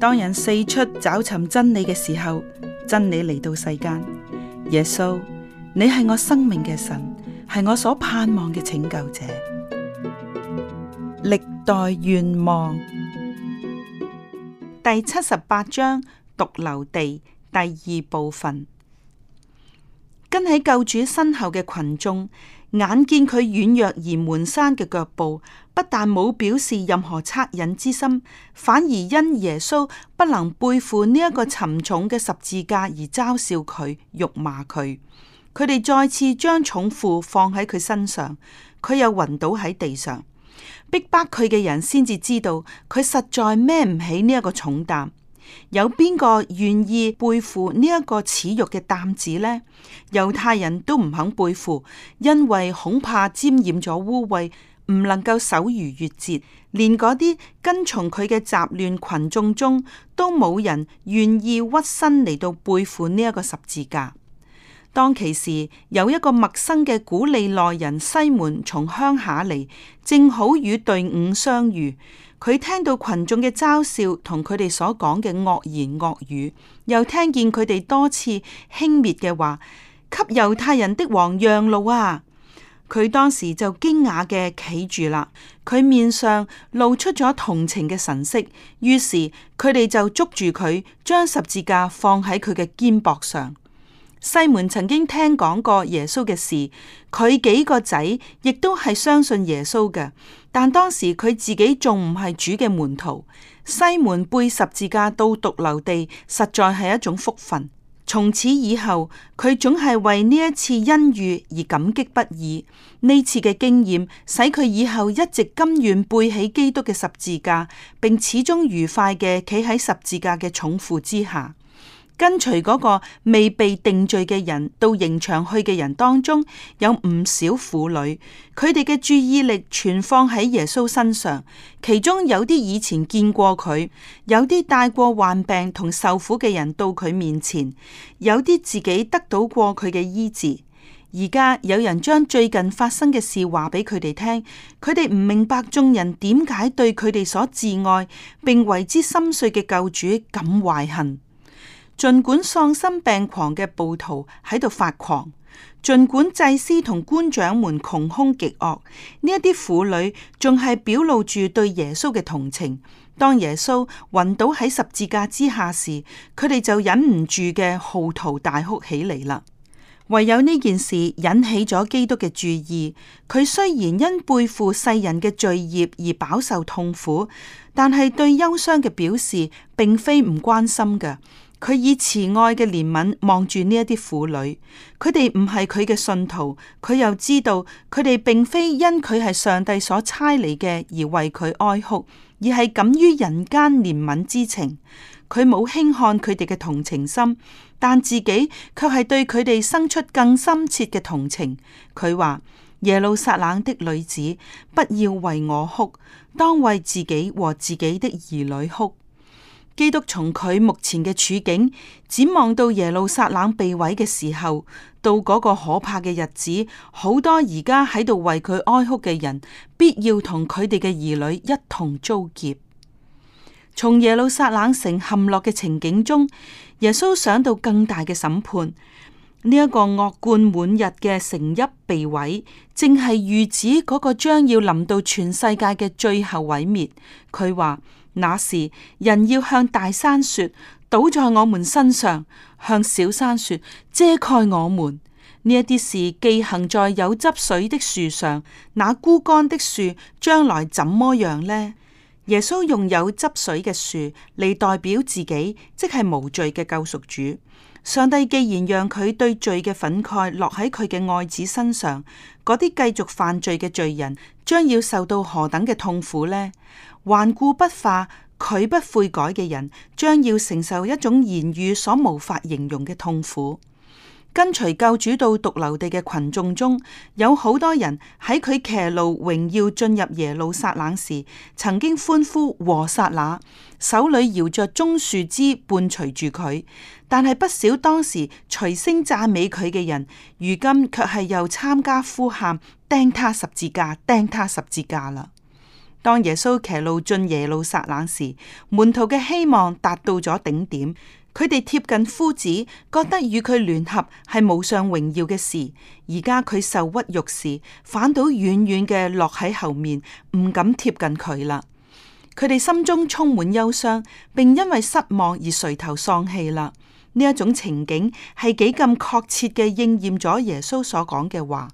當人四出找尋真理嘅時候，真理嚟到世間。耶穌，你係我生命嘅神，係我所盼望嘅拯救者。歷代願望第七十八章髑髏地第二部分，跟喺救主身後嘅群眾。眼見佢軟弱而蹣跚嘅腳步，不但冇表示任何惻隱之心，反而因耶穌不能背負呢一個沉重嘅十字架而嘲笑佢、辱罵佢。佢哋再次將重負放喺佢身上，佢又暈倒喺地上。逼迫佢嘅人先至知道，佢實在孭唔起呢一個重擔。有邊個願意背負呢一個恥辱嘅擔子呢？猶太人都唔肯背負，因為恐怕沾染咗污穢，唔能夠守逾越節。連嗰啲跟從佢嘅雜亂群眾中，都冇人願意屈身嚟到背負呢一個十字架。當其時，有一個陌生嘅古利奈人西門從鄉下嚟，正好與隊伍相遇。佢聽到群眾嘅嘲笑同佢哋所講嘅惡言惡語，又聽見佢哋多次輕蔑嘅話，給猶太人的王讓路啊！佢當時就驚訝嘅企住啦，佢面上露出咗同情嘅神色。於是佢哋就捉住佢，將十字架放喺佢嘅肩膊上。西門曾經聽講過耶穌嘅事，佢幾個仔亦都係相信耶穌嘅，但當時佢自己仲唔係主嘅門徒。西門背十字架到髑髏地，實在係一種福分。從此以後，佢總係為呢一次恩遇而感激不已。呢次嘅經驗使佢以後一直甘願背起基督嘅十字架，並始終愉快嘅企喺十字架嘅重負之下。跟隨嗰個未被定罪嘅人到刑場去嘅人當中，有唔少婦女，佢哋嘅注意力全放喺耶穌身上。其中有啲以前見過佢，有啲帶過患病同受苦嘅人到佢面前，有啲自己得到過佢嘅醫治。而家有人將最近發生嘅事話俾佢哋聽，佢哋唔明白眾人點解對佢哋所摯愛並為之心碎嘅救主咁懷恨。儘管喪心病狂嘅暴徒喺度發狂，儘管祭司同官長們窮凶極惡，呢一啲婦女仲係表露住對耶穌嘅同情。當耶穌暈倒喺十字架之下時，佢哋就忍唔住嘅號啕大哭起嚟啦。唯有呢件事引起咗基督嘅注意。佢雖然因背負世人嘅罪孽而飽受痛苦，但係對憂傷嘅表示，並非唔關心嘅。佢以慈愛嘅憐憫望住呢一啲婦女，佢哋唔係佢嘅信徒，佢又知道佢哋並非因佢係上帝所差嚟嘅而為佢哀哭，而係感於人間憐憫之情。佢冇輕看佢哋嘅同情心，但自己卻係對佢哋生出更深切嘅同情。佢話：耶路撒冷的女子，不要為我哭，當為自己和自己的兒女哭。基督從佢目前嘅處境展望到耶路撒冷被毀嘅時候，到嗰個可怕嘅日子，好多而家喺度為佢哀哭嘅人，必要同佢哋嘅兒女一同遭劫。從耶路撒冷城陷落嘅情景中，耶穌想到更大嘅審判，呢、這、一個惡貫滿日嘅城邑被毀，正係預指嗰個將要臨到全世界嘅最後毀滅。佢話。那時人要向大山說，倒在我們身上，向小山說，遮蓋我們。呢一啲事既行在有汁水的樹上，那枯乾的樹將來怎麼樣呢？耶穌用有汁水嘅樹嚟代表自己，即係無罪嘅救贖主。上帝既然讓佢對罪嘅憤慨落喺佢嘅愛子身上，嗰啲繼續犯罪嘅罪人將要受到何等嘅痛苦呢？頑固不化、拒不悔改嘅人將要承受一種言語所無法形容嘅痛苦。跟隨救主到髑髏地嘅群眾中有好多人喺佢騎驢榮耀進入耶路撒冷時，曾經歡呼和撒那，手裏搖着棕樹枝伴隨住佢。但係不少當時隨聲讚美佢嘅人，如今卻係又參加呼喊釘他十字架，釘他十字架啦。當耶穌騎驢進耶路撒冷時，門徒嘅希望達到咗頂點。佢哋貼近夫子，覺得與佢聯合係無上榮耀嘅事。而家佢受屈辱時，反倒遠遠嘅落喺後面，唔敢貼近佢啦。佢哋心中充滿憂傷，並因為失望而垂頭喪氣啦。呢一種情景係幾咁確切嘅應驗咗耶穌所講嘅話。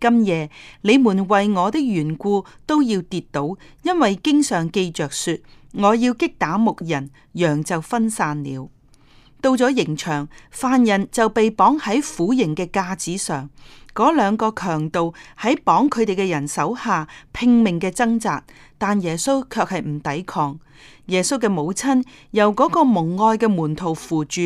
今夜你們為我的緣故都要跌倒，因為經常記着說，我要擊打牧人，羊就分散了。到咗刑場，犯人就被綁喺苦刑嘅架子上。嗰兩個強盜喺綁佢哋嘅人手下拼命嘅掙扎，但耶穌卻係唔抵抗。耶穌嘅母親由嗰個蒙愛嘅門徒扶住，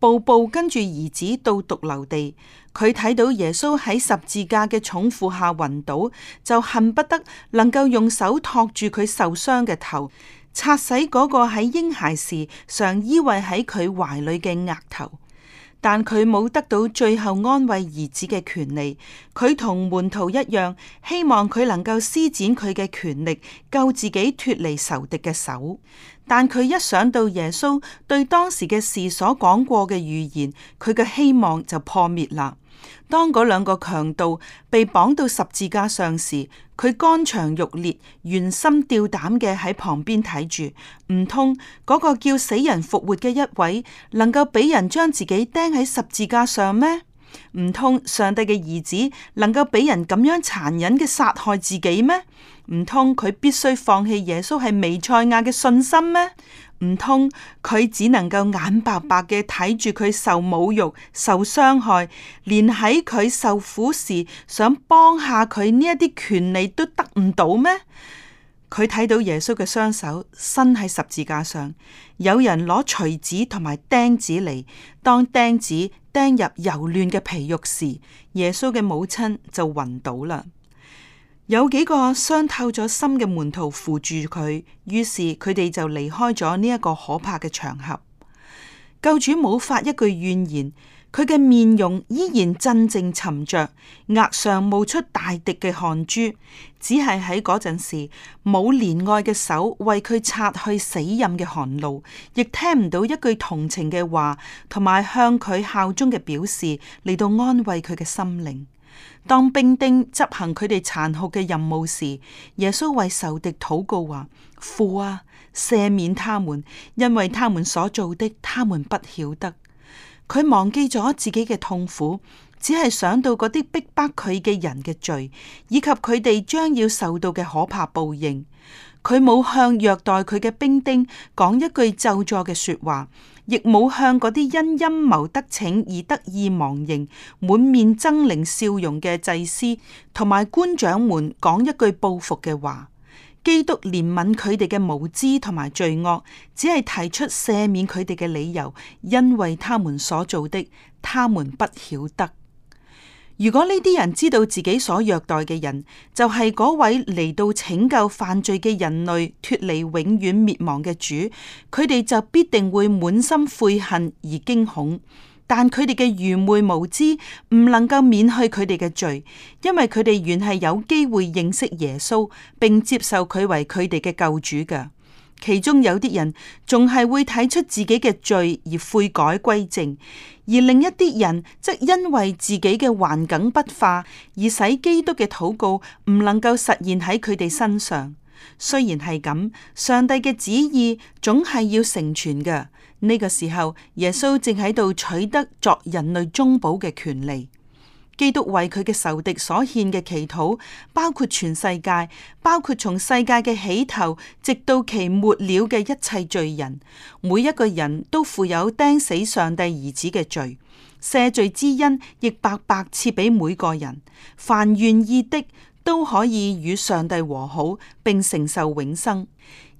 步步跟住兒子到髑髏地。佢睇到耶穌喺十字架嘅重負下暈倒，就恨不得能夠用手托住佢受傷嘅頭。擦洗嗰個喺嬰孩時常依偎喺佢懷裏嘅額頭，但佢冇得到最後安慰兒子嘅權利。佢同門徒一樣，希望佢能夠施展佢嘅權力，救自己脫離仇敵嘅手。但佢一想到耶穌對當時嘅事所講過嘅預言，佢嘅希望就破滅啦。當嗰兩個強盜被綁到十字架上時，佢肝腸欲裂、懸心吊膽嘅喺旁邊睇住。唔通嗰個叫死人復活嘅一位能夠俾人將自己釘喺十字架上咩？唔通上帝嘅兒子能夠俾人咁樣殘忍嘅殺害自己咩？唔通佢必須放棄耶穌係彌賽亞嘅信心咩？唔通佢只能夠眼白白嘅睇住佢受侮辱、受傷害，連喺佢受苦時想幫下佢呢一啲權利都得唔到咩？佢睇到耶穌嘅雙手伸喺十字架上，有人攞錘子同埋釘子嚟，當釘子釘入柔嫩嘅皮肉時，耶穌嘅母親就暈倒啦。有幾個傷透咗心嘅門徒扶住佢，於是佢哋就離開咗呢一個可怕嘅場合。救主冇發一句怨言，佢嘅面容依然鎮靜沉着，額上冒出大滴嘅汗珠，只係喺嗰陣時冇憐愛嘅手為佢擦去死蔭嘅寒露，亦聽唔到一句同情嘅話，同埋向佢效忠嘅表示嚟到安慰佢嘅心靈。當兵丁執行佢哋殘酷嘅任務時，耶穌為仇敵禱告話：父啊，赦免他們，因為他們所做的，他們不曉得。佢忘記咗自己嘅痛苦，只係想到嗰啲逼迫佢嘅人嘅罪，以及佢哋將要受到嘅可怕報應。佢冇向虐待佢嘅兵丁講一句咒詛嘅說話。亦冇向嗰啲因陰謀得逞而得意忘形、滿面猙獰笑容嘅祭司同埋官長們講一句報復嘅話。基督憐憫佢哋嘅無知同埋罪惡，只係提出赦免佢哋嘅理由，因為他們所做的，他們不曉得。如果呢啲人知道自己所虐待嘅人就係嗰位嚟到拯救犯罪嘅人類脫離永遠滅亡嘅主，佢哋就必定會滿心悔恨而驚恐。但佢哋嘅愚昧無知唔能夠免去佢哋嘅罪，因為佢哋原係有機會認識耶穌並接受佢為佢哋嘅救主嘅。其中有啲人仲係會睇出自己嘅罪而悔改歸正，而另一啲人則因為自己嘅頑梗不化而使基督嘅禱告唔能夠實現喺佢哋身上。雖然係咁，上帝嘅旨意總係要成全嘅。呢、這個時候，耶穌正喺度取得作人類中保嘅權利。基督為佢嘅仇敵所獻嘅祈禱，包括全世界，包括從世界嘅起頭直到其末了嘅一切罪人，每一個人都負有釘死上帝兒子嘅罪，赦罪之恩亦白白賜俾每個人，凡願意的都可以與上帝和好，並承受永生。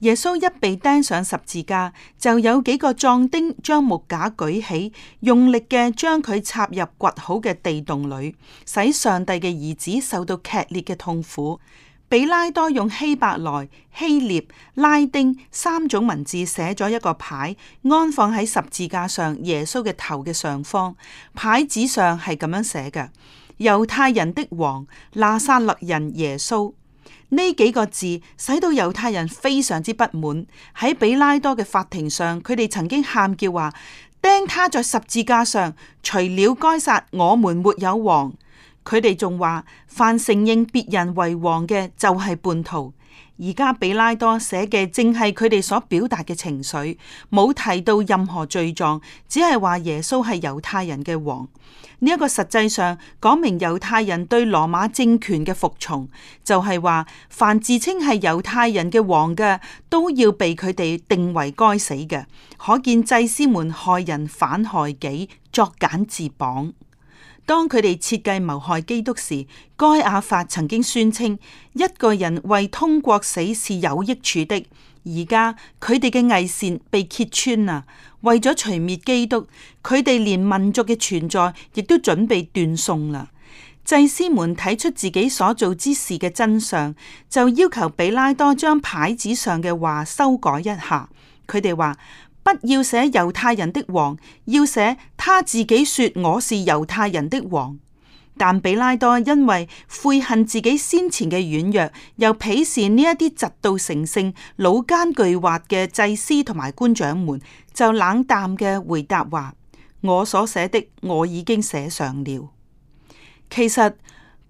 耶穌一被釘上十字架，就有幾個壯丁將木架舉起，用力嘅將佢插入掘好嘅地洞裏，使上帝嘅兒子受到劇烈嘅痛苦。比拉多用希伯來、希臘、拉丁三種文字寫咗一個牌，安放喺十字架上耶穌嘅頭嘅上方。牌子上係咁樣寫嘅：猶太人的王，拿撒勒人耶穌。呢幾個字使到猶太人非常之不滿。喺比拉多嘅法庭上，佢哋曾經喊叫話釘他在十字架上，除了該撒，我們沒有王。佢哋仲話，凡承認別人為王嘅就係叛徒。而家比拉多寫嘅正係佢哋所表達嘅情緒，冇提到任何罪狀,只係話耶穌係猶太人嘅王。呢、這、一個實際上講明猶太人對羅馬政權嘅服從，就係、是、話凡自稱係猶太人嘅王嘅，都要被佢哋定為該死嘅。可見祭司們害人反害己，作繭自綁。當佢哋設計謀害基督時，該亞法曾經宣稱一個人為通國死是有益處的。而家佢哋嘅偽善被揭穿啦，為咗除滅基督，佢哋連民族嘅存在亦都準備斷送啦。祭司們睇出自己所做之事嘅真相，就要求比拉多將牌子上嘅話修改一下。佢哋話。不要寫猶太人的王，要寫他自己說我是猶太人的王。但彼拉多因為悔恨自己先前嘅軟弱，又鄙視呢一啲嫉妒成性、老奸巨猾嘅祭司同埋官長們，就冷淡嘅回答話：我所寫的我已經寫上了。其實。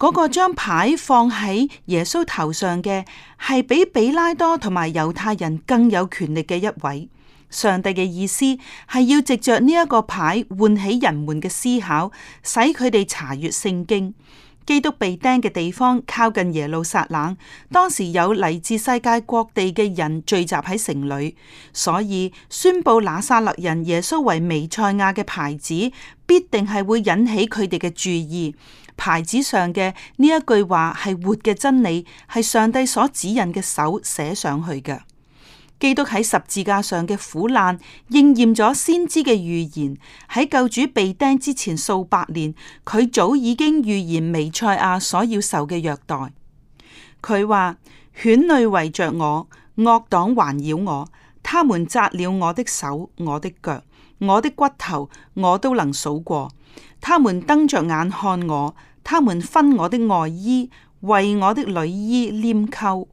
嗰個將牌放喺耶穌頭上嘅，係比彼拉多同埋猶太人更有權力嘅一位。上帝嘅意思係要藉着呢一個牌喚起人們嘅思考，使佢哋查閱聖經。基督被釘嘅地方靠近耶路撒冷，當時有嚟自世界各地嘅人聚集喺城裏，所以宣布拿撒勒人耶穌為彌賽亞嘅牌子，必定係會引起佢哋嘅注意。牌子上嘅呢一句話係活嘅真理，係上帝所指引嘅手寫上去嘅。基督喺十字架上嘅苦難應驗咗先知嘅預言。喺救主被釘之前數百年，佢早已經預言彌賽亞所要受嘅虐待。佢話：犬類圍着我，惡黨環繞我，他們扎了我的手、我的腳、我的骨頭，我都能數過。他們瞪着眼看我。他們分我的外衣，為我的裡衣拈鬮。嗰、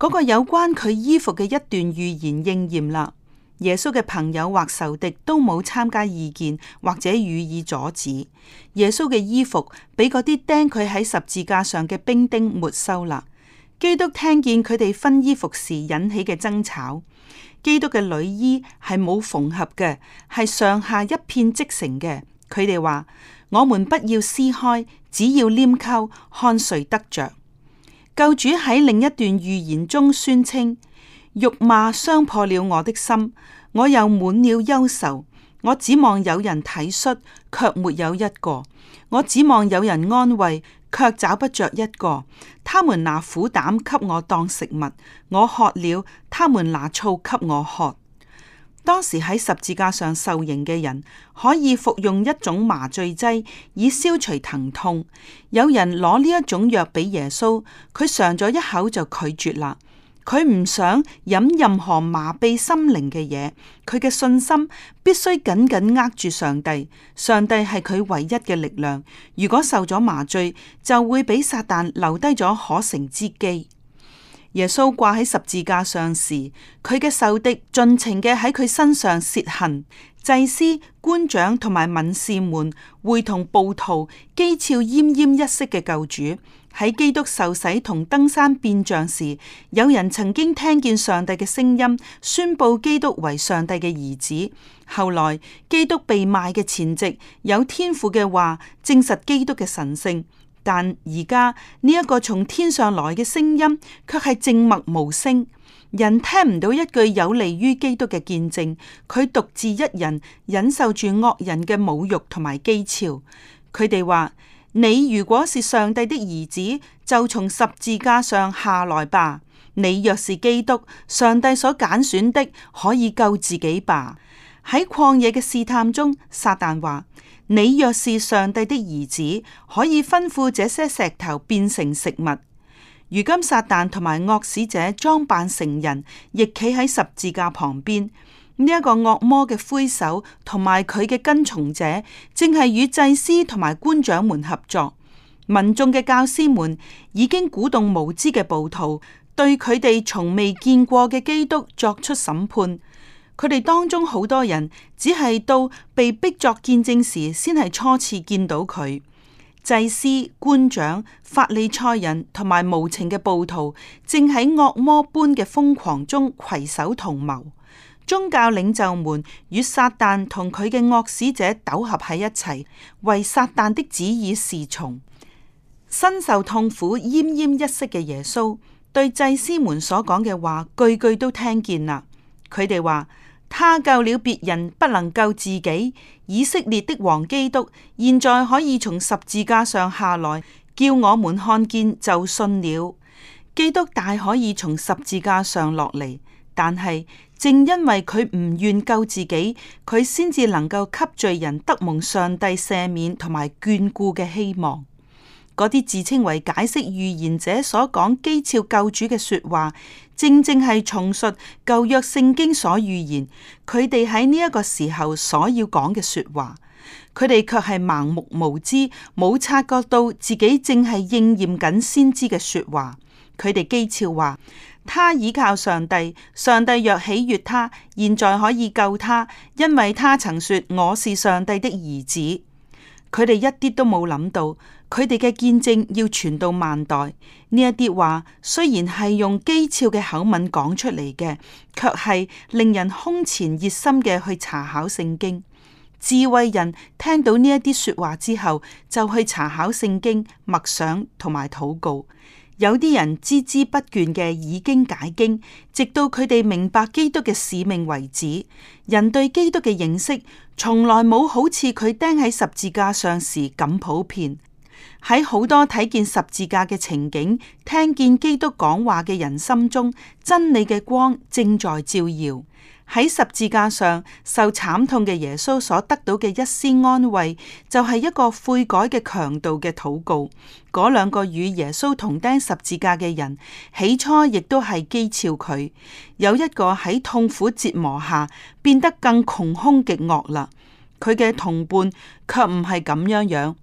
那個有關佢衣服嘅一段預言應驗啦。耶穌嘅朋友或仇敵都冇參加意見，或者予以阻止。耶穌嘅衣服俾嗰啲釘佢喺十字架上嘅兵丁沒收啦。基督聽見佢哋分衣服時引起嘅爭吵。基督嘅裡衣係冇縫合嘅，係上下一片織成嘅。佢哋話。我們不要撕開，只要拈鬮，看誰得着。救主喺另一段預言中宣稱：辱罵傷破了我的心，我又滿了憂愁。我指望有人體恤，卻沒有一個；我指望有人安慰，卻找不着一個。他們拿苦膽給我當食物，我渴了；他們拿醋給我喝。當時喺十字架上受刑嘅人可以服用一種麻醉劑以消除疼痛。有人攞呢一種藥俾耶穌，佢嘗咗一口就拒絕啦。佢唔想飲任何麻痹心靈嘅嘢。佢嘅信心必須緊緊握住上帝，上帝係佢唯一嘅力量。如果受咗麻醉，就會俾撒旦留低咗可乘之機。耶穌掛喺十字架上時，佢嘅仇敵盡情嘅喺佢身上洩恨；祭司、官長同埋文士們會同暴徒譏誚奄奄一息嘅救主。喺基督受洗同登山變像時，有人曾經聽見上帝嘅聲音，宣布基督為上帝嘅兒子。後來基督被賣嘅前夕，有天父嘅話證實基督嘅神聖。但而家呢一個從天上來嘅聲音，卻係靜默無聲，人聽唔到一句有利於基督嘅見證。佢獨自一人忍受住惡人嘅侮辱同埋譏嘲。佢哋話：你如果是上帝的兒子，就從十字架上下來吧。你若是基督，上帝所揀選的，可以救自己吧。喺曠野嘅試探中，撒旦話。你若是上帝的兒子，可以吩咐這些石頭變成食物。如今撒旦同埋惡使者裝扮成人，亦企喺十字架旁邊。呢、這、一個惡魔嘅揮手同埋佢嘅跟從者，正係與祭司同埋官長們合作。民眾嘅教師們已經鼓動無知嘅暴徒，對佢哋從未見過嘅基督作出審判。佢哋當中好多人只係到被逼作見證時，先係初次見到佢。祭司、官長、法利賽人同埋無情嘅暴徒，正喺惡魔般嘅瘋狂中携手同謀。宗教領袖們與撒旦同佢嘅惡使者糾合喺一齊，為撒旦的旨意侍從。身受痛苦奄奄一息嘅耶穌，對祭司們所講嘅話，句句都聽見啦。佢哋話。他救了別人，不能救自己。以色列的王基督現在可以從十字架上下來，叫我們看見就信了。基督大可以從十字架上落嚟，但係正因為佢唔願救自己，佢先至能夠給罪人得蒙上帝赦免同埋眷顧嘅希望。嗰啲自稱為解釋預言者所講譏誚救主嘅說話，正正係重述舊約聖經所預言，佢哋喺呢一個時候所要講嘅說話，佢哋卻係盲目無知，冇察覺到自己正係應驗緊先知嘅說話。佢哋譏誚話：他倚靠上帝，上帝若喜悅他，現在可以救他，因為他曾說我是上帝的兒子。佢哋一啲都冇諗到。佢哋嘅見證要傳到萬代，呢一啲話，雖然係用譏誚嘅口吻講出嚟嘅，卻係令人空前熱心嘅去查考聖經。智慧人聽到呢一啲說話之後，就去查考聖經、默想同埋禱告。有啲人孜孜不倦嘅，以經解經，直到佢哋明白基督嘅使命為止。人對基督嘅認識，從來冇好似佢釘喺十字架上時咁普遍。喺好多睇見十字架嘅情景，聽見基督講話嘅人心中，真理嘅光正在照耀。喺十字架上受慘痛嘅耶穌所得到嘅一絲安慰，就係、是、一個悔改嘅強盜嘅禱告。嗰兩個與耶穌同釘十字架嘅人，起初亦都係譏誚佢。有一個喺痛苦折磨下變得更窮凶極惡啦，佢嘅同伴卻唔係咁樣樣。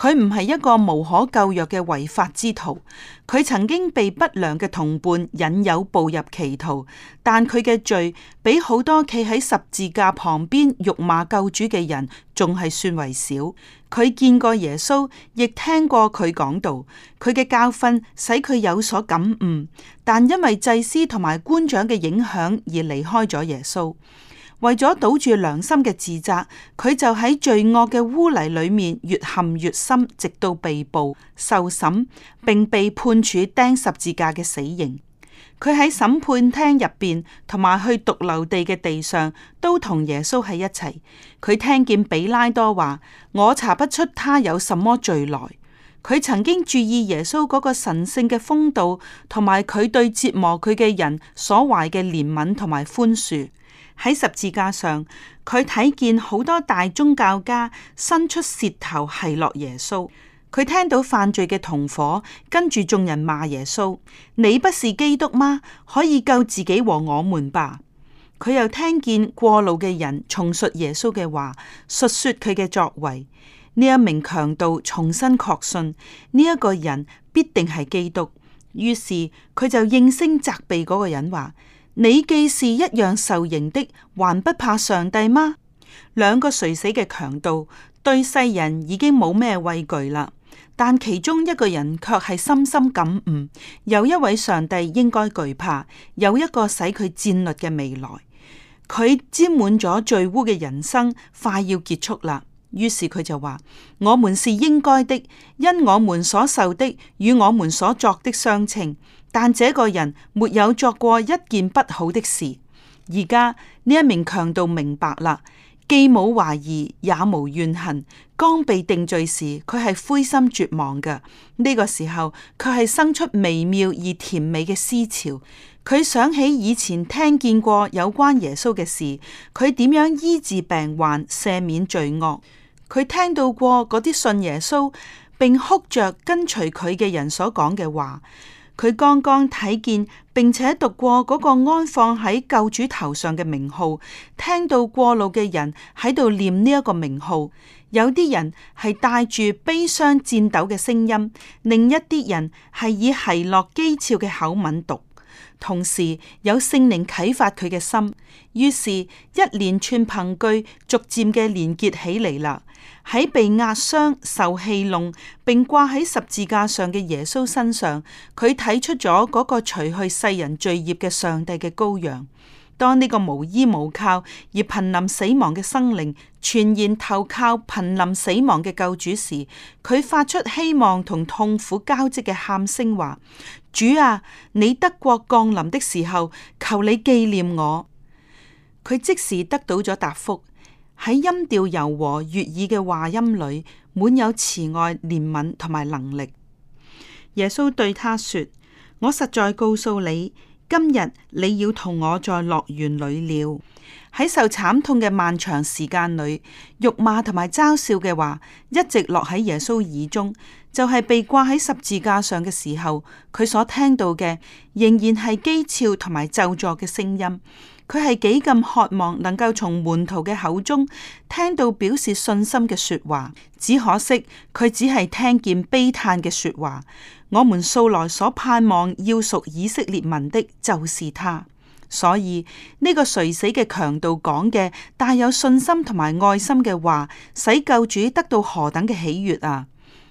佢唔係一個無可救藥嘅違法之徒，佢曾經被不良嘅同伴引誘步入歧途，但佢嘅罪比好多企喺十字架旁邊辱罵救主嘅人仲係算為少。佢見過耶穌，亦聽過佢講道，佢嘅教訓使佢有所感悟，但因為祭司同埋官長嘅影響而離開咗耶穌。為咗堵住良心嘅自責，佢就喺罪惡嘅污泥裏面越陷越深，直到被捕受審，並被判處釘十字架嘅死刑。佢喺審判廳入邊，同埋去髑髏地嘅地上，都同耶穌喺一齊。佢聽見彼拉多話：我查不出他有什麼罪來。佢曾經注意耶穌嗰個神聖嘅風度，同埋佢對折磨佢嘅人所懷嘅憐憫同埋寬恕。喺十字架上，佢睇見好多大宗教家伸出舌頭奚落耶穌。佢聽到犯罪嘅同夥跟住眾人罵耶穌：你不是基督嗎？可以救自己和我們吧？佢又聽見過路嘅人重述耶穌嘅話，述說佢嘅作為。呢一名強盜重新確信呢一個人必定係基督，於是佢就應聲責備嗰個人話。你既是一樣受刑的，還不怕上帝嗎？兩個垂死嘅強盜對世人已經冇咩畏懼啦，但其中一個人卻係深深感悟，有一位上帝應該懼怕，有一個使佢戰慄嘅未來。佢沾滿咗罪污嘅人生快要結束啦，於是佢就話：我們是應該的，因我們所受的與我們所作的相稱。但這個人沒有作過一件不好的事。而家呢一名強盜明白啦，既冇懷疑，也無怨恨。剛被定罪時，佢係灰心絕望嘅。呢、這個時候，佢係生出微妙而甜美嘅思潮。佢想起以前聽見過有關耶穌嘅事，佢點樣醫治病患、赦免罪惡。佢聽到過嗰啲信耶穌並哭着跟隨佢嘅人所講嘅話。佢剛剛睇見並且讀過嗰個安放喺救主頭上嘅名號，聽到過路嘅人喺度念呢一個名號，有啲人係帶住悲傷戰抖嘅聲音，另一啲人係以奚落譏誚嘅口吻讀，同時有聖靈啟發佢嘅心，於是，一連串憑據逐漸嘅連結起嚟啦。喺被壓傷、受戲弄，並掛喺十字架上嘅耶穌身上，佢睇出咗嗰個除去世人罪孽嘅上帝嘅羔羊。當呢個無依無靠而瀕臨死亡嘅生靈全然投靠瀕臨死亡嘅救主時，佢發出希望同痛苦交織嘅喊聲：話主啊，你得國降臨的時候，求你記念我。佢即時得到咗答覆喺音調柔和悦耳嘅話音裏，滿有慈愛、憐憫同埋能力。耶穌對他說：我實在告訴你，今日你要同我在樂園裏了。喺受慘痛嘅漫長時間裏，辱罵同埋嘲笑嘅話，一直落喺耶穌耳中，就係、是、被掛喺十字架上嘅時候，佢所聽到嘅，仍然係譏笑同埋咒詛嘅聲音。佢係幾咁渴望能夠從門徒嘅口中聽到表示信心嘅說話，只可惜佢只係聽見悲嘆嘅說話。我們素來所盼望要屬以色列民的，就是他。所以呢個垂死嘅強盜講嘅帶有信心同埋愛心嘅話，使救主得到何等嘅喜悅啊！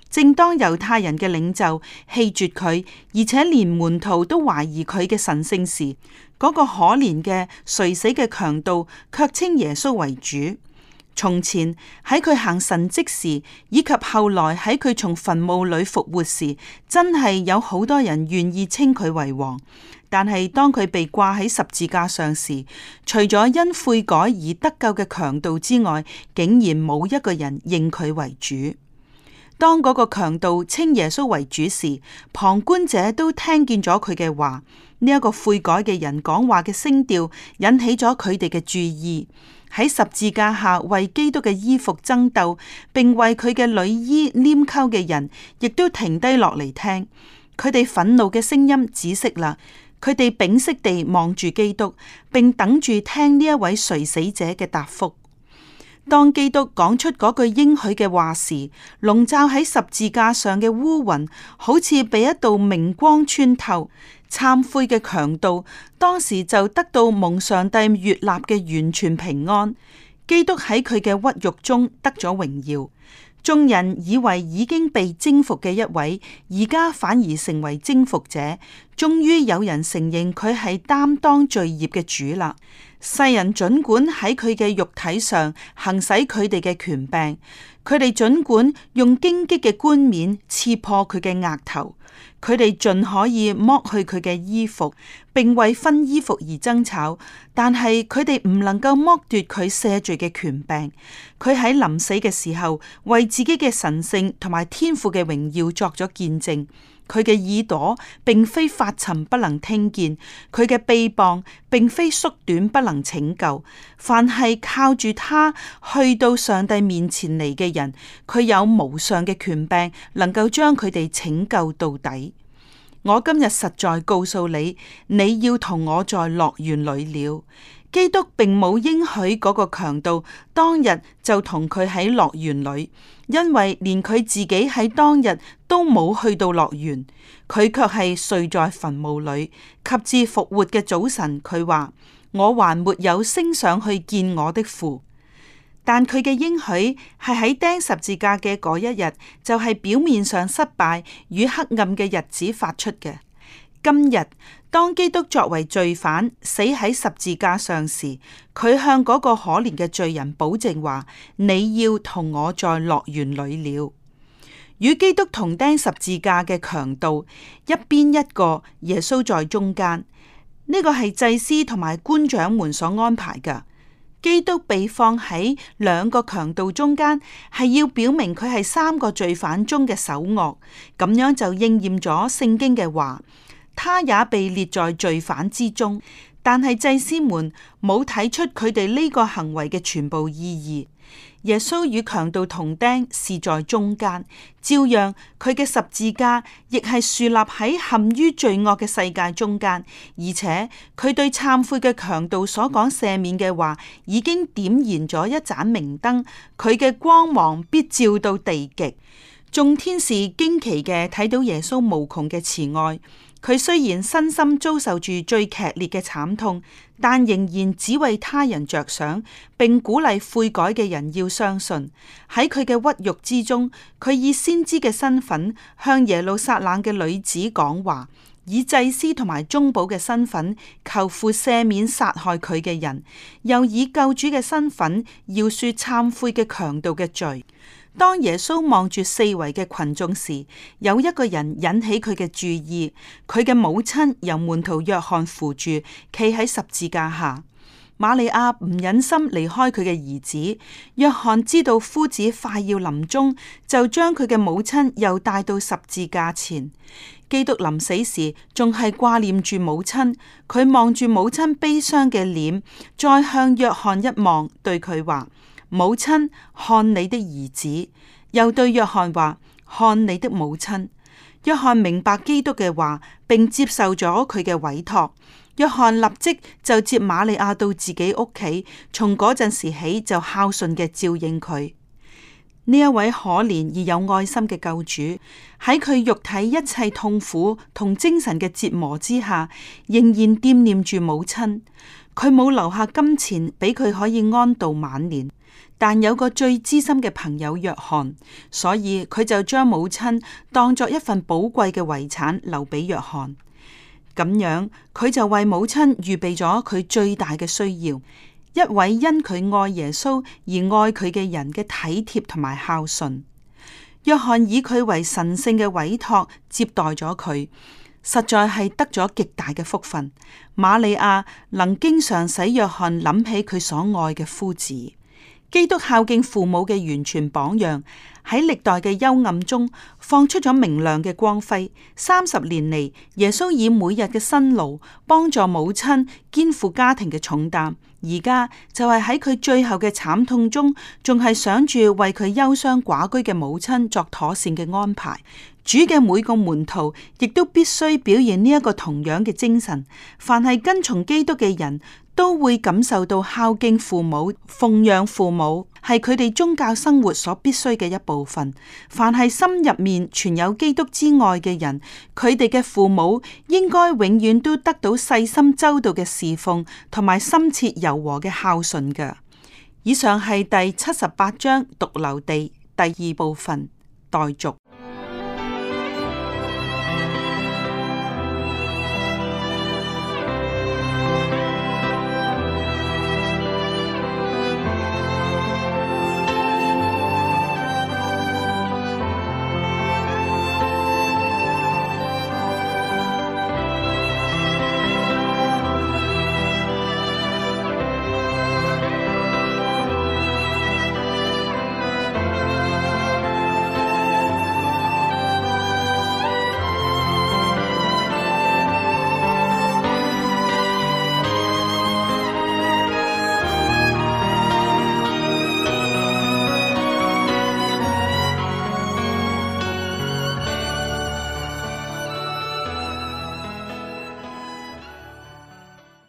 正當猶太人嘅領袖棄絕佢，而且連門徒都懷疑佢嘅神聖時，嗰個可憐嘅垂死嘅強盜卻稱耶穌為主。從前喺佢行神蹟時，以及後來喺佢從墳墓裏復活時，真係有好多人願意稱佢為王。但係當佢被掛喺十字架上時，除咗因悔改而得救嘅強盜之外，竟然冇一個人認佢為主。當嗰個強盜稱耶穌為主時，旁觀者都聽見咗佢嘅話。呢、這、一個悔改嘅人講話嘅聲調，引起咗佢哋嘅注意。喺十字架下為基督嘅衣服爭鬥，並為佢嘅裏衣拈鬮嘅人，亦都停低落嚟聽。佢哋憤怒嘅聲音止息啦。佢哋屏息地望住基督，並等住聽呢一位垂死者嘅答覆。當基督講出嗰句應許嘅話時，籠罩喺十字架上嘅烏雲，好似被一道明光穿透。懺悔嘅強盜當時就得到蒙上帝悅納嘅完全平安。基督喺佢嘅屈辱中得咗榮耀。眾人以為已經被征服嘅一位，而家反而成為征服者。終於有人承認佢係擔當罪業嘅主啦。世人儘管喺佢嘅肉體上行使佢哋嘅權柄，佢哋儘管用荊棘嘅冠冕刺破佢嘅額頭，佢哋盡可以剝去佢嘅衣服，並為分衣服而爭吵，但係佢哋唔能夠剝奪佢赦罪嘅權柄。佢喺臨死嘅時候，為自己嘅神性同埋天父嘅榮耀作咗見證。佢嘅耳朵並非發沉不能聽見，佢嘅臂膀並非縮短不能拯救。凡係靠住他去到上帝面前嚟嘅人，佢有無上嘅權柄，能夠將佢哋拯救到底。我今日實在告訴你，你要同我在樂園裏了。基督並冇應許嗰個強盜當日就同佢喺樂園裏。因為連佢自己喺當日都冇去到樂園，佢卻係睡在墳墓裏，及至復活嘅早晨，佢話我還沒有升上去見我的父。但佢嘅應許係喺釘十字架嘅嗰一日，就係、是、表面上失敗與黑暗嘅日子發出嘅。今日當基督作為罪犯死喺十字架上時，佢向嗰個可憐嘅罪人保證話：你要同我在樂園裏了。與基督同釘十字架嘅強盜，一邊一個，耶穌在中間。呢、這個係祭司同埋官長們所安排嘅。基督被放喺兩個強盜中間，係要表明佢係三個罪犯中嘅首惡，咁樣就應驗咗聖經嘅話。他也被列在罪犯之中，但係祭司們冇睇出佢哋呢個行為嘅全部意義。耶穌與強盜同釘，是在中間，照樣佢嘅十字架亦係樹立喺陷於罪惡嘅世界中間。而且佢對懺悔嘅強盜所講赦免嘅話，已經點燃咗一盞明燈，佢嘅光芒必照到地極。眾天使驚奇嘅睇到耶穌無窮嘅慈愛。佢雖然身心遭受住最劇烈嘅慘痛，但仍然只為他人着想，並鼓勵悔改嘅人要相信。喺佢嘅屈辱之中，佢以先知嘅身份向耶路撒冷嘅女子講話，以祭司同埋中保嘅身份求父赦免殺害佢嘅人，又以救主嘅身份饒恕懺悔嘅強盜嘅罪。當耶穌望住四圍嘅群眾時，有一個人引起佢嘅注意。佢嘅母親由門徒約翰扶住，企喺十字架下。瑪利亞唔忍心離開佢嘅兒子。約翰知道夫子快要臨終，就將佢嘅母親又帶到十字架前。基督臨死時仲係掛念住母親，佢望住母親悲傷嘅臉，再向約翰一望，對佢話。母親，看你的兒子。又對約翰話：看你的母親。約翰明白基督嘅話，並接受咗佢嘅委託。約翰立即就接瑪利亞到自己屋企，從嗰陣時起就孝順嘅照應佢。呢一位可憐而有愛心嘅救主，喺佢肉體一切痛苦同精神嘅折磨之下，仍然惦念住母親。佢冇留下金錢俾佢可以安度晚年。但有個最知心嘅朋友約翰，所以佢就將母親當作一份寶貴嘅遺產留俾約翰。咁樣，佢就為母親預備咗佢最大嘅需要，一位因佢愛耶穌而愛佢嘅人嘅體貼同埋孝順。約翰以佢為神聖嘅委託接待咗佢，實在係得咗極大嘅福分。瑪利亞能經常使約翰諗起佢所愛嘅夫子。基督孝敬父母嘅完全榜樣，喺歷代嘅幽暗中放出咗明亮嘅光輝。三十年嚟，耶穌以每日嘅辛勞幫助母親肩負家庭嘅重擔，而家就係喺佢最後嘅慘痛中，仲係想住為佢憂傷寡居嘅母親作妥善嘅安排。主嘅每個門徒亦都必須表現呢一個同樣嘅精神，凡係跟從基督嘅人，都會感受到孝敬父母、奉養父母係佢哋宗教生活所必須嘅一部分。凡係心入面存有基督之外嘅人，佢哋嘅父母應該永遠都得到細心周到嘅侍奉，同埋深切柔和嘅孝順㗎。以上係第七十八章獨留地第二部分待續。